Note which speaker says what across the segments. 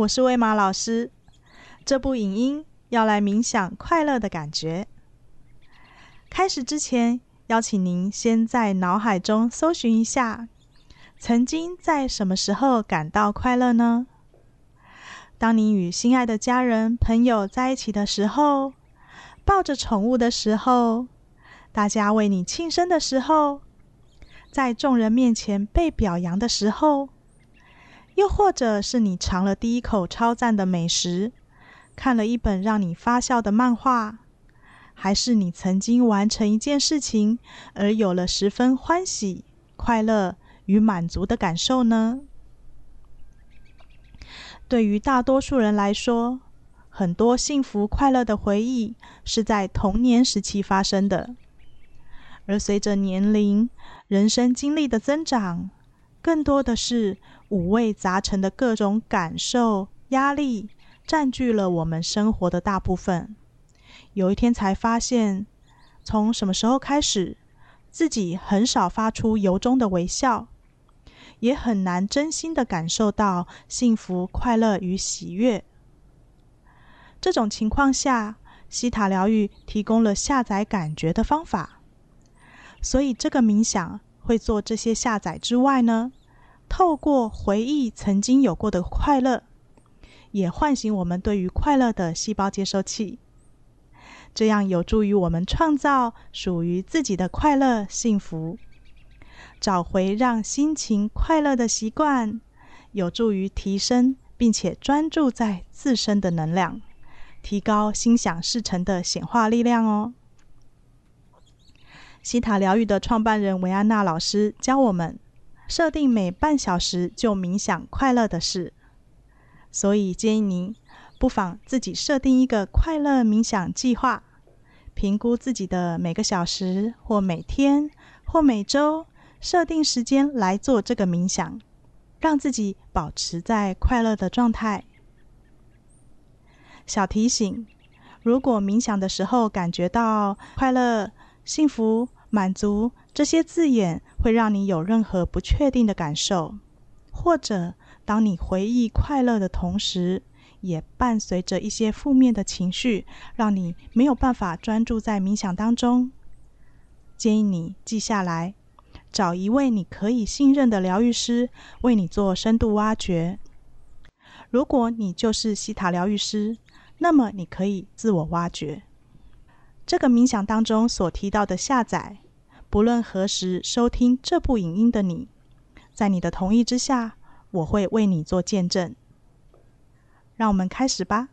Speaker 1: 我是葳瑪老師，這部影音要來冥想快樂的感覺。開始之前，邀請您先在腦海中搜尋一下，曾經在什麼時候感到快樂呢？當你與心愛的家人、朋友在一起的時候，抱着寵物的時候，大家為你慶生的時候，在眾人面前被表揚的時候。又或者是你嘗了第一口超讚的美食，看了一本讓你發笑的漫畫，還是你曾經完成一件事情而有了十分歡喜、快樂與滿足的感受呢？對於大多數人來說，很多幸福快樂的回憶是在童年時期發生的。而隨着年齡、人生經歷的增長，更多的是，五味雜陳的各種感受、壓力佔據了我們生活的大部分。有一天才發現，從什麼時候開始，自己很少發出由衷的微笑，也很難真心的感受到幸福、快樂與喜悅。這種情況下，希塔療癒提供了下載感覺的方法。所以，這個冥想會做這些下載之外呢？透過回憶曾經有過的快樂，也喚醒我們對於快樂的細胞接收器，這樣有助於我們創造屬於自己的快樂幸福，找回讓心情快樂的習慣，有助於提升並且專注在自身的能量，提高心想事成的顯化力量哦。希塔療癒的創辦人維安娜老師教我們。設定每半小時就冥想快樂的事，所以建議您不妨自己設定一個快樂冥想計劃，評估自己的每個小時或每天或每周，設定時間來做這個冥想，讓自己保持在快樂的狀態。小提醒：如果冥想的時候感覺到快樂、幸福、滿足這些字眼會讓你有任何不確定的感受，或者當你回憶快樂的同時，也伴隨着一些負面的情緒，讓你沒有辦法專注在冥想當中。建議你記下來，找一位你可以信任的療癒師為你做深度挖掘。如果你就是希塔療癒師，那麼你可以自我挖掘。這個冥想當中所提到的下載，不論何時收聽這部影音的你，在你的同意之下，我會為你做見證。讓我們開始吧。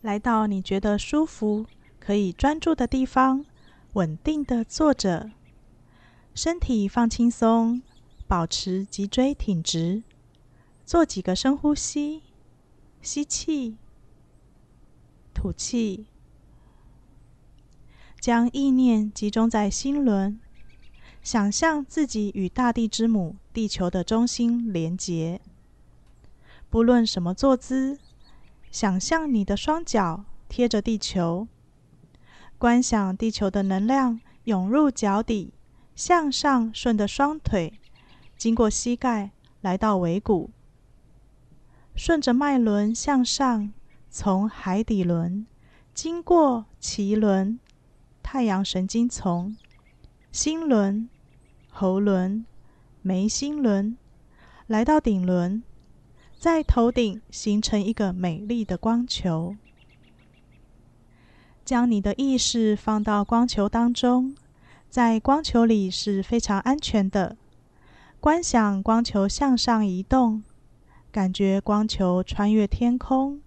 Speaker 1: 來到你覺得舒服、可以專注的地方，穩定的坐着，身體放輕鬆，保持脊椎挺直。做幾個深呼吸，吸氣，吐氣，將意念集中在心輪，想象自己與大地之母、地球的中心連結。不論什麼坐姿，想象你的雙腳貼着地球，觀想地球的能量湧入腳底，向上順着雙腿，經過膝蓋，來到尾骨。順着脈輪向上，從海底輪經過臍輪、太陽神經叢、心輪、喉輪、眉心輪，來到頂輪，在頭頂形成一個美麗的光球。將你的意識放到光球當中，在光球裡是非常安全的。觀想光球向上移動。感覺光球穿越天空，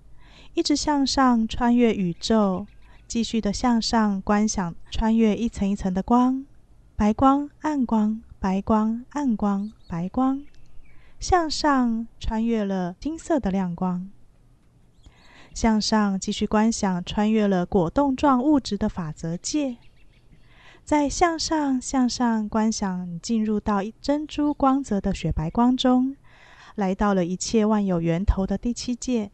Speaker 1: 一直向上穿越宇宙，繼續的向上觀想穿越一層一層的光，白光、暗光、白光、暗光、白光，向上穿越了金色的亮光，向上繼續觀想穿越了果凍狀物質的法則界，再向上向上觀想進入到一珍珠光澤的雪白光中。來到了一切萬有源頭的第七界，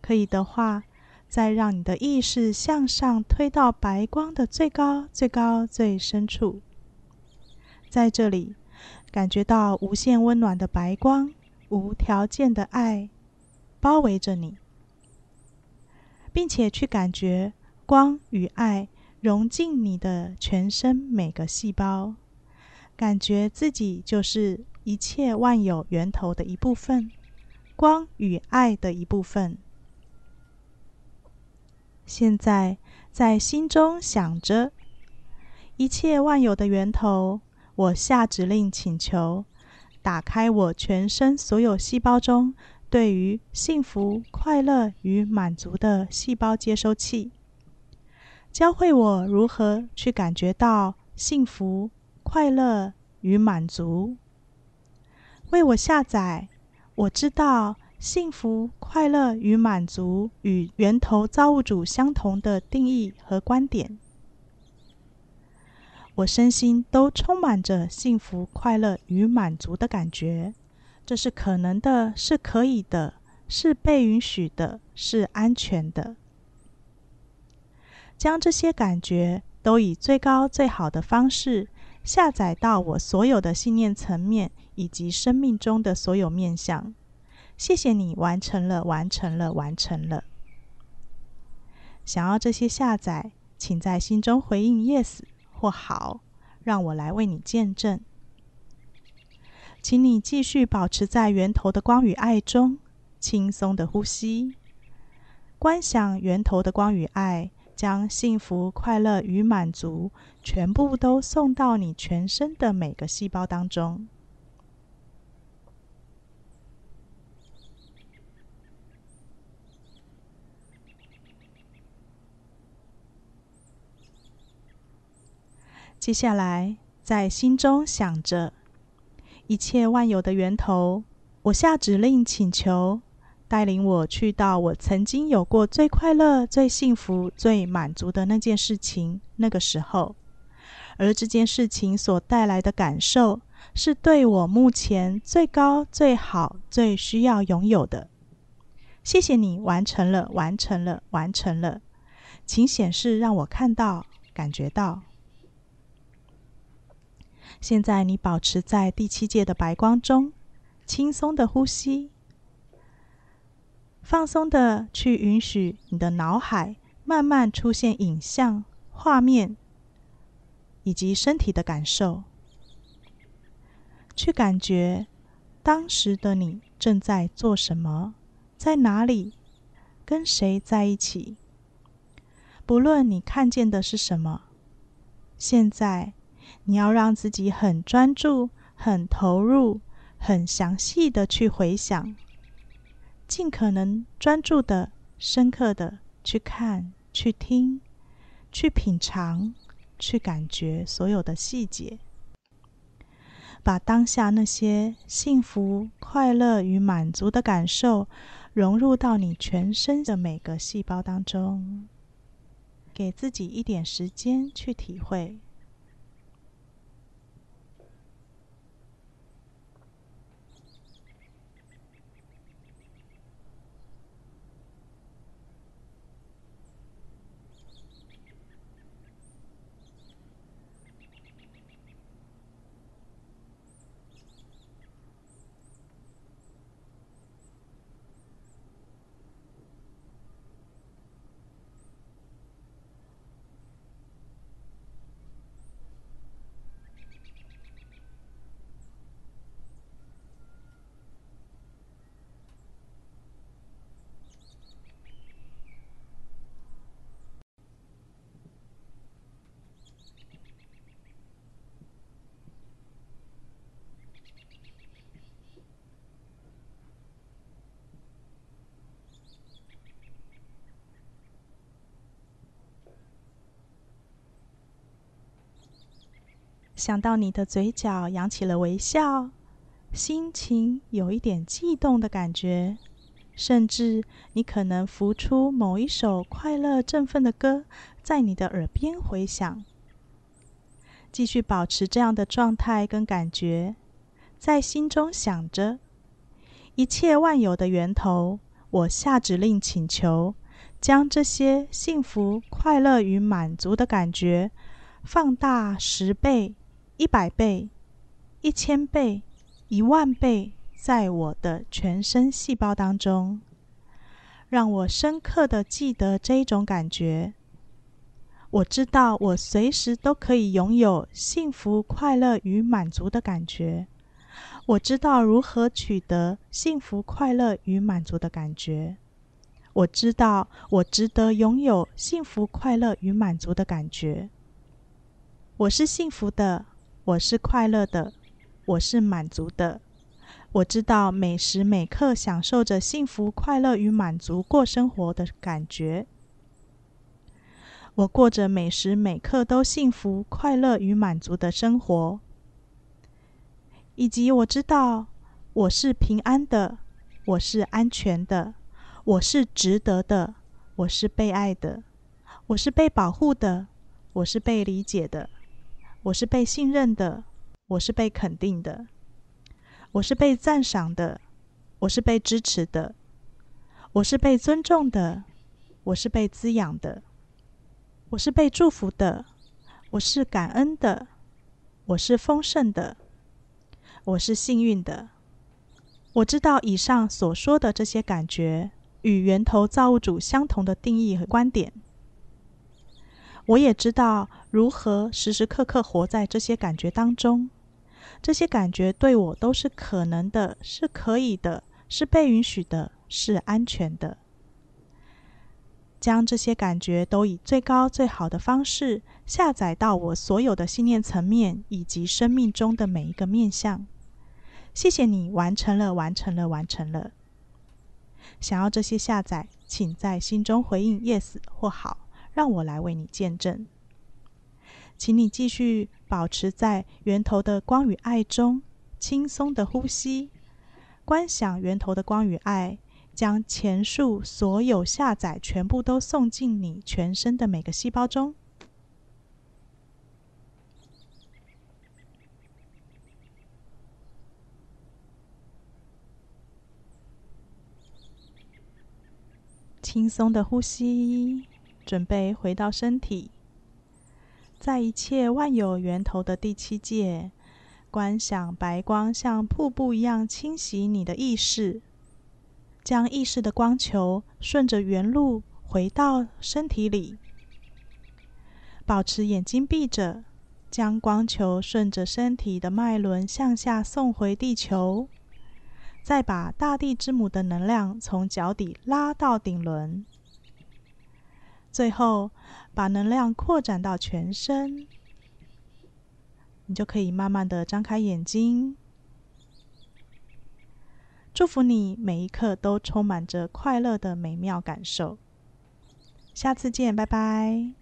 Speaker 1: 可以的話，再讓你的意識向上推到白光的最高、最高、最深處。在這裡，感覺到無限溫暖的白光、無條件的愛包圍着你，並且去感覺光與愛融進你的全身每個細胞，感覺自己就是。一切萬有源頭的一部分，光與愛的一部分。現在在心中想着一切萬有的源頭，我下指令請求打開我全身所有細胞中對於幸福、快樂與滿足的細胞接收器，教會我如何去感覺到幸福、快樂與滿足。為我下載，我知道幸福、快樂與滿足與源頭造物主相同的定義和觀點。我身心都充滿着幸福、快樂與滿足的感覺，這是可能的，是可以的，是被允許的，是安全的。將這些感覺都以最高最好的方式。下載到我所有的信念層面以及生命中的所有面向。謝謝你完成了，完成了，完成了。想要這些下載，請在心中回應 yes 或好，讓我來為你見證。請你繼續保持在源頭的光與愛中，輕鬆的呼吸，觀想源頭的光與愛。將幸福、快樂與滿足全部都送到你全身的每個細胞當中。接下來，在心中想着一切萬有的源頭，我下指令請求。帶領我去到我曾經有過最快樂、最幸福、最滿足的那件事情，那個時候，而這件事情所帶來的感受，是對我目前最高、最好、最需要擁有的。謝謝你，完成了，完成了，完成了，請顯示，讓我看到，感覺到。現在你保持在第七界的白光中，輕鬆的呼吸。放鬆的去允許你的腦海慢慢出現影像、畫面，以及身體的感受，去感覺當時的你正在做什麼，在哪裡，跟誰在一起。不論你看見的是什麼，現在你要讓自己很專注、很投入、很詳細的去回想。盡可能專注的、深刻的去看、去聽、去品嘗、去感覺所有的細節，把當下那些幸福、快樂與滿足的感受融入到你全身的每個細胞當中，給自己一點時間去體會。想到你的嘴角揚起了微笑，心情有一點悸動的感覺，甚至你可能浮出某一首快樂振奮的歌在你的耳邊回響。繼續保持這樣的狀態跟感覺，在心中想着一切萬有的源頭。我下指令請求，將這些幸福、快樂與滿足的感覺放大十倍。一百倍、一千倍、一萬倍，在我的全身細胞當中，讓我深刻的記得這一種感覺。我知道，我隨時都可以擁有幸福、快樂與滿足的感覺。我知道如何取得幸福、快樂與滿足的感覺。我知道，我值得擁有幸福、快樂與滿足的感覺。我是幸福的。我是快樂的，我是滿足的。我知道每時每刻享受着幸福、快樂與滿足過生活的感覺。我過着每時每刻都幸福、快樂與滿足的生活。以及我知道我是平安的，我是安全的，我是值得的，我是被愛的，我是被保護的，我是被理解的。我是被信任的，我是被肯定的，我是被讚賞的，我是被支持的，我是被尊重的，我是被滋養的，我是被祝福的，我是感恩的，我是豐盛的，我是幸運的。我知道以上所說的這些感覺與源頭造物主相同的定義和觀點。我也知道如何時時刻刻活在這些感覺當中，這些感覺對我都是可能的，是可以的，是被允許的，是安全的。將這些感覺都以最高最好的方式下載到我所有的信念層面以及生命中的每一個面向。謝謝你完成了，完成了，完成了。想要這些下載，請在心中回應 “yes” 或“好”。讓我來為你見證，請你繼續保持在源頭的光與愛中，輕鬆的呼吸，觀想源頭的光與愛，將前述所有下載全部都送進你全身的每個細胞中，輕鬆的呼吸。準備回到身體，在一切萬有源頭的第七界，觀想白光像瀑布一樣清洗你的意識，將意識的光球順着原路回到身體裡，保持眼睛閉着，將光球順着身體的脈輪向下送回地球，再把大地之母的能量從腳底拉到頂輪。最後，把能量擴展到全身，你就可以慢慢地張開眼睛。祝福你每一刻都充滿着快樂的美妙感受。下次見，拜拜。